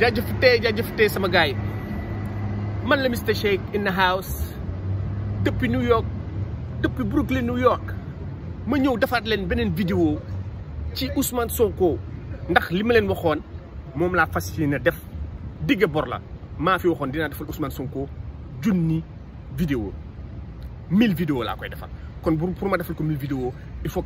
jaajëf tey jaajëf tey sama gars yi man la Mister Shake in the house depuis New York depuis Brooklyn New York ma ñëw defaat leen beneen vidéo ci Ousmane Sonko ndax li ma leen waxoon moom laa fas yéene def digg bor la maa fi waxoon dina defal usman Sonko junni vidéo mille vidéo laa koy defal kon pour pour ma defal ko mille vidéo il faut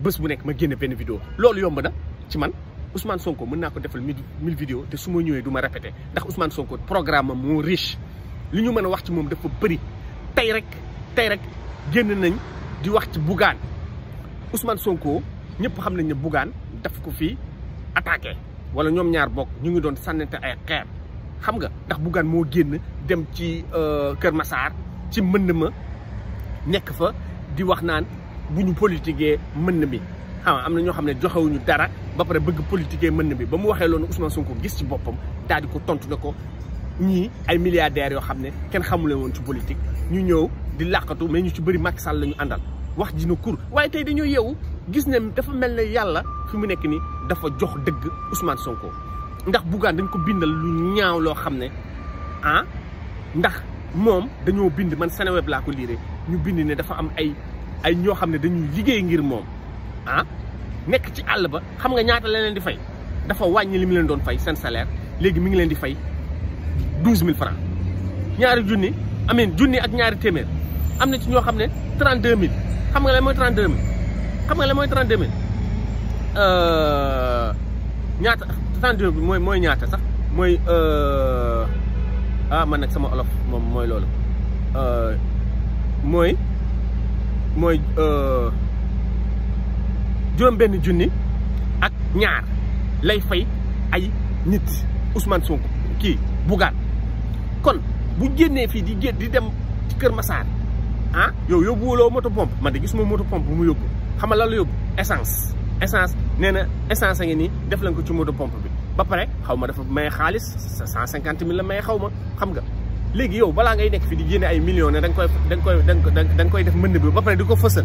bés bu nekk ma génne benn vidéo loolu yomb na ci man. Ousmane Sonko mën na ko defal 1000 vidéo té suma ñëwé duma du répété ndax Ousmane Sonko programme mo riche li ñu mëna wax ci mom dafa bëri tay rek tay rek génn nañ di wax ci Bougane Ousmane Sonko ñëpp xam nañ ni Bougane daf ko fi attaqué wala ñom ñaar bok ñu ngi doon ay xéer xam nga ndax Bougane mo dem ci euh, Kër Massar ci mënd ma nek fa di wax naan buñu ñu mënd bi xam amna ñoo dara ba pare bëgg politique mën na bi ba mu waxee loolu Ousmane Sonko gis ci boppam daal ko tontu na ko ñii ay milliardaires yoo xam ne kenn xamule woon ci politique ñu ñëw di làqatu mais ñu ci bëri Macky Sall la ñu àndal wax ji na kur waaye tey dañoo yeewu gis ne dafa mel ne yàlla fi mu nekk ni dafa jox dëgg Ousmane Sonko ndax buggaan dañ ko bindal lu ñaaw loo xam ne ah ndax moom dañoo bind man Seneweb laa ko liire ñu bind ne dafa am ay ay ñoo xam ne dañuy liggéey ngir moom ah. nekk ci àll ba xam nga ñaata la leen di fay dafa wàññi li mu leen doon fay seen salaire léegi mu ngi leen di fay douze mille francs ñaari junni amiin junni ak ñaari téeméer am na ci ñoo xam ne trent deux mille xam nga la mooy trente deux mille xam nga la mooy trente deux euh, ñaata trente deux mooy mooy ñaata sax mooy euh, ah man nag sama olof moom mooy loolu euh, mooy mooy. juróom-benn junni ak ñaar lay fay ay nit Ousmane Sonko kii Bougane kon bu génnee fii di gén di dem ci Kër Massar ah yow yóbbuwuloo moto pompe man de gisuma moto pompe bu mu yóbbu xam nga lan la yóbbu essence essence nee na essence nii def lañ ko ci moto pompe bi ba xaw ma dafa may xaalis cent cinquante mille la may ma xam nga léegi yow balaa ngay nekk fii di génne ay millions ne da nga koy da nga koy da nga koy def mën bi ba pare di ko fësal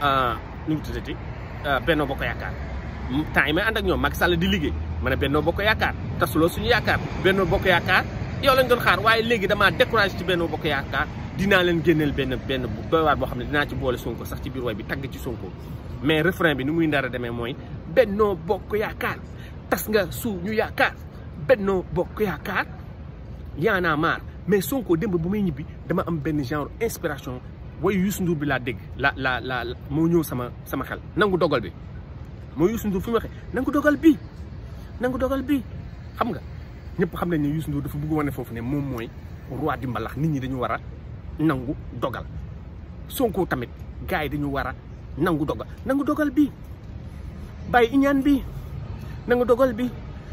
Euh, nu mu tuddati euh, Benno Bokk Yaakaar temps yi may ànd ak ñoom Macky Sall di liggéey ma ne Benno Bokk Yaakaar tasuloo suñu yaakaar Benno Bokk Yaakaar yow lañ doon xaar waaye léegi damaa découragé ci Benno Bokk Yaakaar dinaa leen génneel benn benn doy waar boo xam ne dinaa ci boole Sonko sax ci biir bi tagg ci mais refrain bi ni muy ndara demee mooy Benno Bokk Yaakaar tas nga suñu yaakaar Benno Bokk Yaakaar naa maar mais Sonko démb bu may ñibbi dama am benn genre inspiration way Youssou Ndour bi laa dégg la la moo ñëw sama sama xel nangu dogal bi mooy Youssou Ndour fu mu waxee nangu dogal bi nangu dogal bi xam nga ñëpp xam nañ ne Youssou Ndour dafa bëgg wane foofu ne moom mooy roi di mbalax nit ñi dañu war a nangu dogal Sonko tamit gars yi dañu war a nangu dogal nangu dogal bi bàyyi iñaan bi nangu dogal bi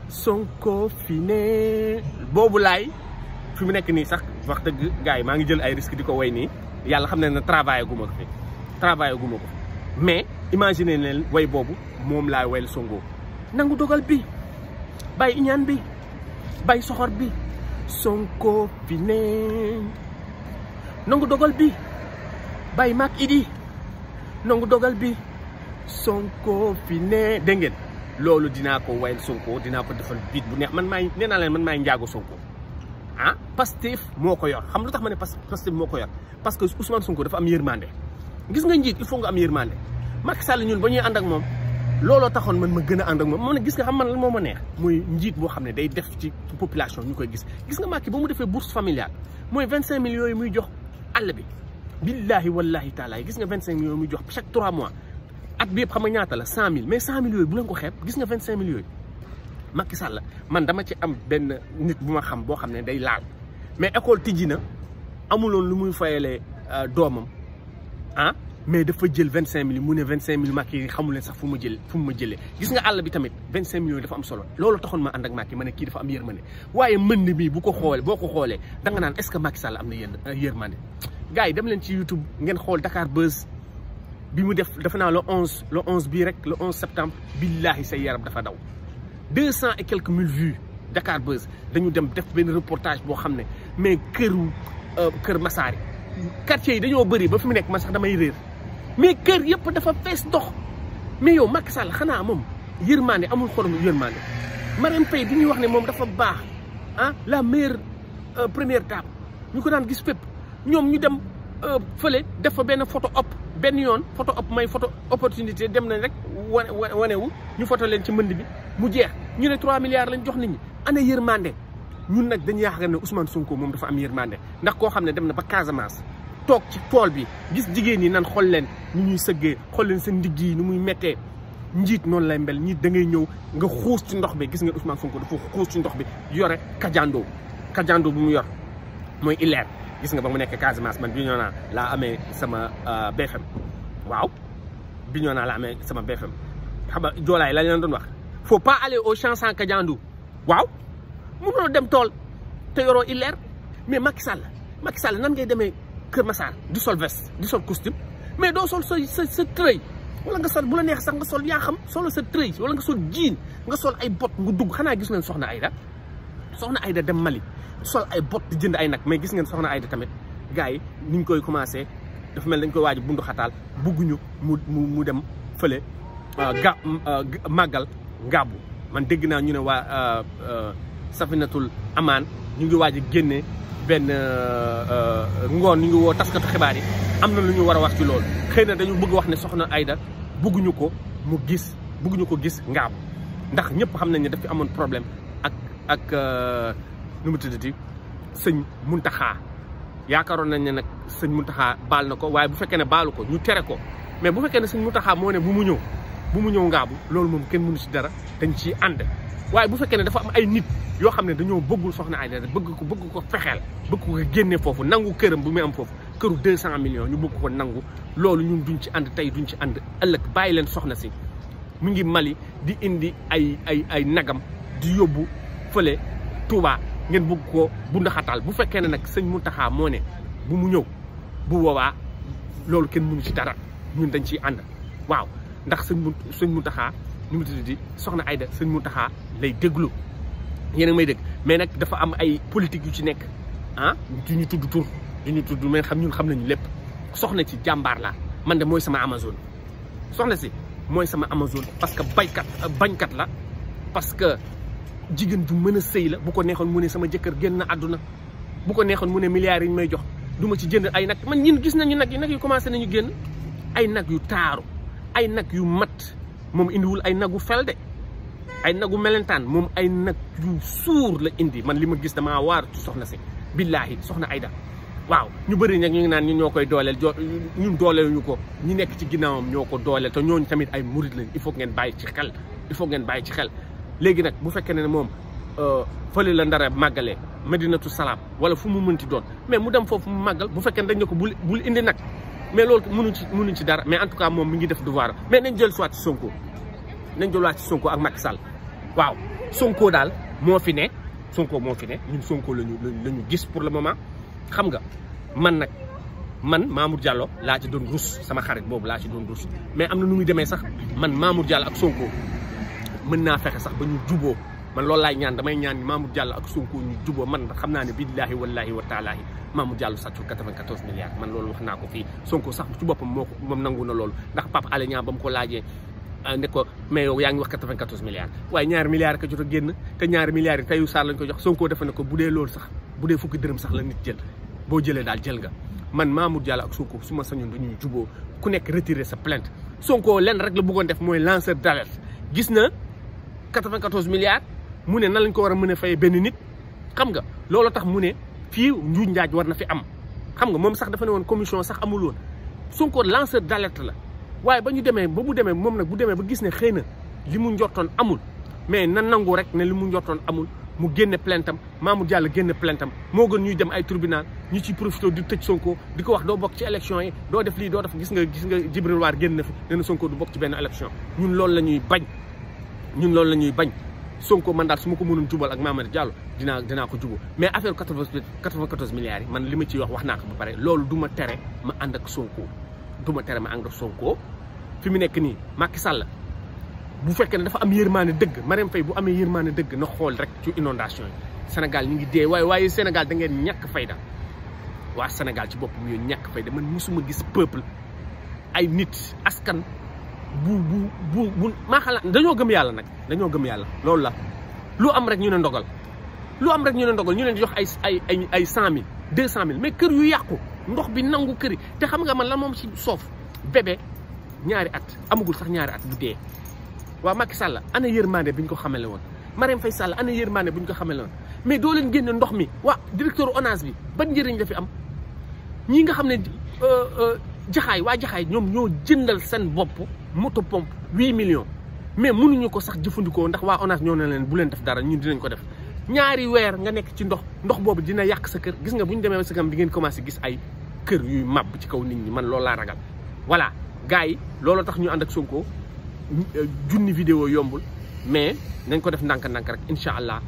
Sonko fi ne boobu laay fi mu nekk nii sax wax dëgg gars yi maa ngi jël ay risque di ko way nii yàlla xam ne ne travail gu ma ko fi travail gu ko mais imaginer leen way boobu moom laa wayal Sonko nangu dogal bi bay iñaan bi bay soxor bi Sonko fi ne nangu dogal bi bàyyi mag idi nangu dogal bi ko fi nee dégg ngeen loolu dinaa ko wayal Sonko dinaa ko defal biit bu neex man maay nee naa leen man maay njaago Sonko ah Pastef moo ko yor xam lu tax ma ne Pastef moo ko yor parce que Ousmane Sonko dafa am yërmande gis nga njiit il faut am yërmande Macky Sall ñun moom looloo taxoon man a ànd ak moom moom ne gis moo ma neex mooy njiit boo xam ne day def ci population ñu koy gis gis nga Macky ba mu defee bourse familiale mooy vingt cinq millions yi muy jox àll bi billahi wallahi taala yi gis nga vingt cinq millions yi muy jox chaque trois mois at bi yëpp xam nga ñaata la mais cent mille yooyu bu leen xeeb gis nga Macky Sall man dama ci am benn nit bu ma xam boo xam ne day laal mais école tijji na amuloon lu muy fayalee euh, doomam ah mais dafa jël vingt cinq mille mu ne vingt cinq mille Macky yi xamu sax fu mu jël fu mu ma jëlee gis nga àll bi tamit vingt cinq millions dafa am solo loolu taxoon ma ànd ak Macky ma ne kii dafa am yërmande waaye mënd bi bu ko xoolee boo ko xoolee da nga naan est ce que Macky Sall am na yéen euh, yërmande gars yi dem leen ci YouTube ngeen xool Dakar Buzz bi mu def dafa naa le onze le onze bii rek la onze septembre billahi say yaram dafa daw 200 et quelques mille vues Dakar Buzz dañu dem def ben reportage bo xamné mais këru euh, kër Massar yi quartier yi dañoo ba fimu nek nekk sax damay réer mais keur yep dafa fess dox mais yo Macky Sall xanaa moom yërmande amul xorom yermane Marème Pay diñu wax né mom dafa bax hein ah, la meilleure euh, première table ñu ko daan gis fépp ñom ñu dem euh, fële def fa ben photo op ben yoon photo op may photo opportunité dem nañ rek wane wu ñu photo len ci mbënd bi mu jeex ñu ne 3 milliards lañ jox nit ñi ana yërmande ñun nag dañu yaakaar ne Ousmane Sonko moom dafa am yërmande ndax koo xam ne dem na ba Casamance toog ci tool bi gis jigéen ñi nan xool leen ñu ñuy sëggee xool leen seen ndigg yi nu muy méttee njiit noonu lay mel njiit da ñëw nga xuus ci ndox bi gis nga Ousmane Sonko dafa xuus ci ndox bi yore kajandoo kajandoo bu mu yor mooy ileer gis nga ba mu nekkee Casamance man bi ñoo naa laa amee sama euh, BFM waaw bi ñoo naa laa amee sama BFM xam nga joolaay lañ leen doon wax faut pas aller au champ sans Kajandu waaw mënuloo dem tol te yoro illeer mais Macky Sall Macky Sall nan ngay demee Kër Massar di sol veste du sol costume mais do sol ce sa sa wala nga sol bu la neex sax nga sol ya xam solo ce treuil wala nga sol jiin nga sol ay bot nga dugg xana gis ngeen soxna Aida soxna Aida dem Mali sol ay bot di jënd ay nak mais gis ngeen soxna Aida tamit gaay yi ni ñu koy commencer dafa mel dañ koy waaj bundu xataal bugguñu mu mu mu dem fële euh, ga euh, magal ngàbbu man dégg naa ñu ne waa euh, euh, safinatul amaan ñu ngi waaj a génne benn euh, ngoon ñu ngi woo taskatu xibaar yi am na lu ñu war a wax ci loolu xëy na dañu bëgg wax ne soxna Aida bëgguñu ko mu gis bëgguñu ko gis ngaabu ndax ñëpp xam nañ ne dafa amoon problème ak ak nu mu tuddati sëñ Muntaxaa yaakaaroon nañ ne nag sëñ Muntaxaa baal na ko waaye bu fekkee ne baalu ko ñu tere ko mais bu fekkee ne sëñ Muntaxaa moo ne bu mu ñëw bu mu ñëw ngaabu loolu moom kenn mënu si dara dañ ci ànd waaye bu fekkee ne dafa am ay nit yoo xam ne dañoo bëggul soxna Aida bëgg ko bëgg ko fexeel bëgg ko génne foofu nangu këram bu muy am foofu këru 200 millions ñu bëgg ko nangu loolu ñun duñ ci ànd tey duñ ci ànd ëllëg bàyyi leen soxna si mu ngi Mali di indi ay ay ay nagam di yóbbu fële Touba ngeen bëgg ko bu ndaxataal bu fekkee ne nag sëñ Mountakha moo ne bu mu ñëw bu boobaa loolu kenn mënu ci dara ñun dañ ciy ànd waaw ndax sëñ mu sëñ Mountakha ñu mu tudd di soxna Aida sëñ mu Mountakha lay déglu yéen may dégg mais nag dafa am ay politique yu ci nekk ah du ñu tudd tur du ñu tudd mais xam ñu xam nañu lépp soxna ci jàmbaar la man de mooy sama Amazon soxna si mooy sama Amazon parce que baykat bañkat la parce que jigéen ju mën a sëy la bu ko neexoon mu ne sama jëkkër génn na àdduna bu ko neexoon mu ne milliards yi may jox du ma ci jënd ay nag man ñun gis nañu nag yi nag yu commencé nañu génn ay nag yu taaru ay nag yu mat moom indiwul ay nagu fel de ay nagu melentaan moom ay nag yu suur la indi man li ma gis damaa waar soxna si billaahi soxna Aida waaw ñu bëri nag ñu ngi naan ñu ñoo koy dooleel jo ñun dooleel ñu ko ñi nekk ci ginnaawam ñoo ko dooleel te ñooñu tamit ay murit lañ il faut ngeen bàyyi ci xel il faut bàyyi ci xel léegi nag bu fekkee ne moom euh, fële la ndara màggalee Medinatu Salaam wala fu mu mënti doon mais mu dem foofu mu màggal bu fekkee ne dañ ko bul bul indi nag mais loolu mënuñ ci mënuñ ci dara mais en tout cas moom mi ngi def devoir mais nañ jël soit ci Sonko nañ jël ci Sonko ak Macky Sall waaw Sonko daal moo fi ne Sonko moo fi ne ñun Sonko lañu lañu gis pour le moment xam nga man nag man Mamour Diallo laa ci doon rus sama xarit boobu laa ci doon rus mais am na nu muy demee sax man Mamour Diallo ak Sonko mën naa fexe sax ba ñu juboo man loolu lay ñaan damay ñaan mamadou Diallo ak sunku ñu juba man xamna ni billahi wallahi wa ta'ala mamadou Diallo satchu 94 milliards man loolu wax naa ko fii Sonko sax ci bopam moko mom nanguna nangu ndax papa ali ñaan bam ko laaje ah, ne ko mais yow yaa wax 94 milliards way ñaar milliards ka jottu genn génn te ñaari milliards tayu sa lañ ko jox sunku def na ko budé dee sax budé fukki dërëm sax la nit jël bo jëlé dal jël nga man mamadou Diallo ak sunku suma sañu dañuy ku nek retirer sa plainte sunku len rek la bëggon def moy lanceur d'alerte gis na 94 milliards mu ne nan lañ ko wara mëne fayé ben nit xam nga loolu tax mu ne fi njuuj njaaj war na fi am xam nga mom sax dafa ne woon commission sax amul won Sonko lanceur d'alerte la waaye bañu démé ba bu démé mom nak bu démé ba gis ne xeyna limu li amul mais nan nangu rek ne limu mu amul mu génné plaintam Mamour Diallo génne plaintam mo gën ñuy dem ay tribunal ñu ci profité di tecc Sonko diko wax do bok ci élection yi do def li do def gis nga gis nga Djibril War génn fi né Sonko du bok ci ben élection ñun lool lañuy bañ ñun lool lañuy bañ Sonko man daal su ma ko mënoon jubal ak Mamadou Diallo dinaa dinaa ko jubal mais affaire quatre-vingt-quatorze milliards yi man li ma ciy wax wax naa ko ba pare loolu du ma tere ma ànd ak Sonko du ma tere ma ànd ak Sonko fi mu nekk nii Macky Sall bu fekkee ne dafa am yërmaane dëgg Marème Faye bu amee yërmaane dëgg na xool rek ci inondation yi Sénégal ñu ngi dee waaye waaye Sénégal da ngeen ñàkk fayda waa senegal ci boppam yooyu ñàkk fayda man mosuma gis peuple ay nit askan bu bu bu bu maa xalaat dañoo gëm yàlla nag dañoo gëm yàlla loolu la lu am rek ñu ne ndogal lu am rek ñu ne ndogal ñu leen jox ay ay ay ay cent mille deux cent mille mais kër yu yàqu ndox bi nangu kër te xam nga man la moom si soof bébé ñaari at amagul sax ñaari at bu dee waa Macky Sall ana yërmande bi ñu ko xamale woon Marème Faye Sall ana yërmande bu ñu ko xamale mais doo leen génne ndox mi waa directeur ONAS bi ban njëriñ la fi am ñii nga xam ne euh, euh, jaxaay waa jaxaay ñoom ñoo jëndal seen bopp moto pompe 8 millions mais mënuñu ko sax jëfëndiko ndax wa ONAS ñoo ne leen bu leen def dara ñun dinañ ko def ñaari wër nga nek ci ndox ndox bobu dina yak sa kër gis nga buñu démé sa kanam di ngeen commencé gis ay kër yu màbb ci kaw nit ñi man loolu la ragal voilà gaay loolu tax ñu and ak Sonko vidéo yombul mais nañ ko def ndank ndank rek inshallah